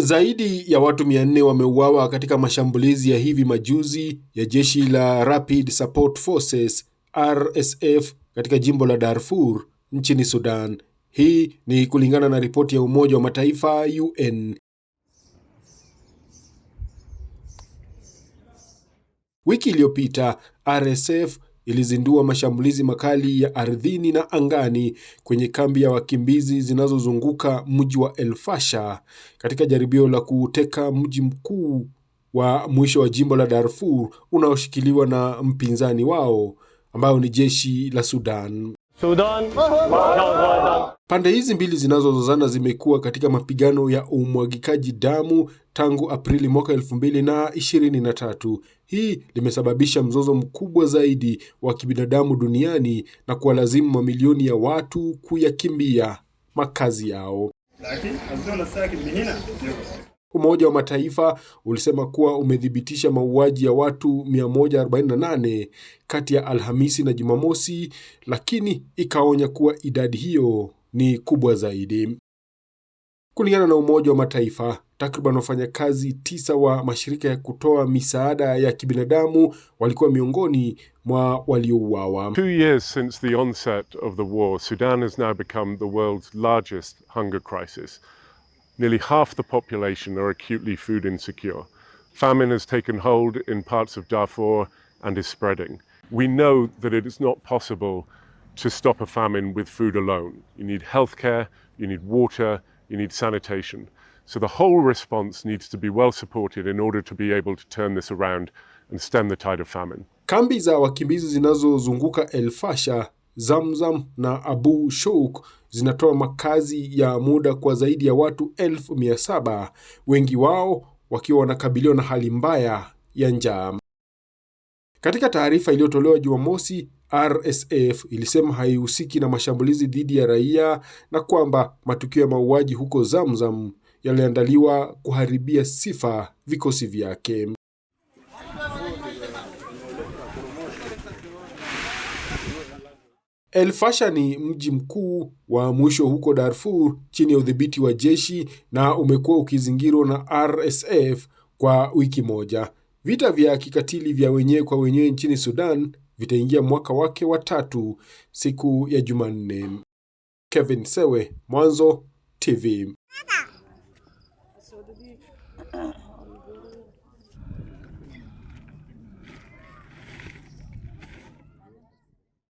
Zaidi ya watu 400 wameuawa katika mashambulizi ya hivi majuzi ya jeshi la Rapid Support Forces RSF katika jimbo la Darfur nchini Sudan. Hii ni kulingana na ripoti ya Umoja wa Mataifa UN. Wiki iliyopita RSF ilizindua mashambulizi makali ya ardhini na angani kwenye kambi ya wakimbizi zinazozunguka mji wa El katika jaribio la kuuteka mji mkuu wa mwisho wa jimbo la Darfur unaoshikiliwa na mpinzani wao ambayo ni jeshi la Sudan. Sudan, pande hizi mbili zinazozozana zimekuwa katika mapigano ya umwagikaji damu tangu Aprili mwaka 2023. Hii limesababisha mzozo mkubwa zaidi wa kibinadamu duniani na kuwalazimu mamilioni ya watu kuyakimbia makazi yao. Umoja wa Mataifa ulisema kuwa umethibitisha mauaji ya watu 148 kati ya Alhamisi na Jumamosi, lakini ikaonya kuwa idadi hiyo ni kubwa zaidi. Kulingana na Umoja wa Mataifa, takriban wafanyakazi tisa wa mashirika ya kutoa misaada ya kibinadamu walikuwa miongoni mwa waliouawa. Two years since the onset of the war, Sudan has now become the world's largest hunger crisis. Nearly half the population are acutely food insecure. Famine has taken hold in parts of Darfur and is spreading. We know that it is not possible to stop a famine with food alone. You need healthcare, you need water, you need sanitation. So the whole response needs to be well supported in order to be able to turn this around and stem the tide of famine. Kambi za wakimbizi zinazozunguka El Fasha Zamzam na Abu Shouk zinatoa makazi ya muda kwa zaidi ya watu elfu mia saba, wengi wao wakiwa wanakabiliwa na hali mbaya ya njaa. Katika taarifa iliyotolewa Jumamosi, RSF ilisema haihusiki na mashambulizi dhidi ya raia na kwamba matukio ya mauaji huko Zamzam yaliandaliwa kuharibia sifa vikosi vyake. El Fasher ni mji mkuu wa mwisho huko Darfur chini ya udhibiti wa jeshi na umekuwa ukizingirwa na RSF kwa wiki moja. Vita vya kikatili vya wenyewe kwa wenyewe nchini Sudan vitaingia mwaka wake wa tatu siku ya Jumanne. Kevin Sewe, Mwanzo TV.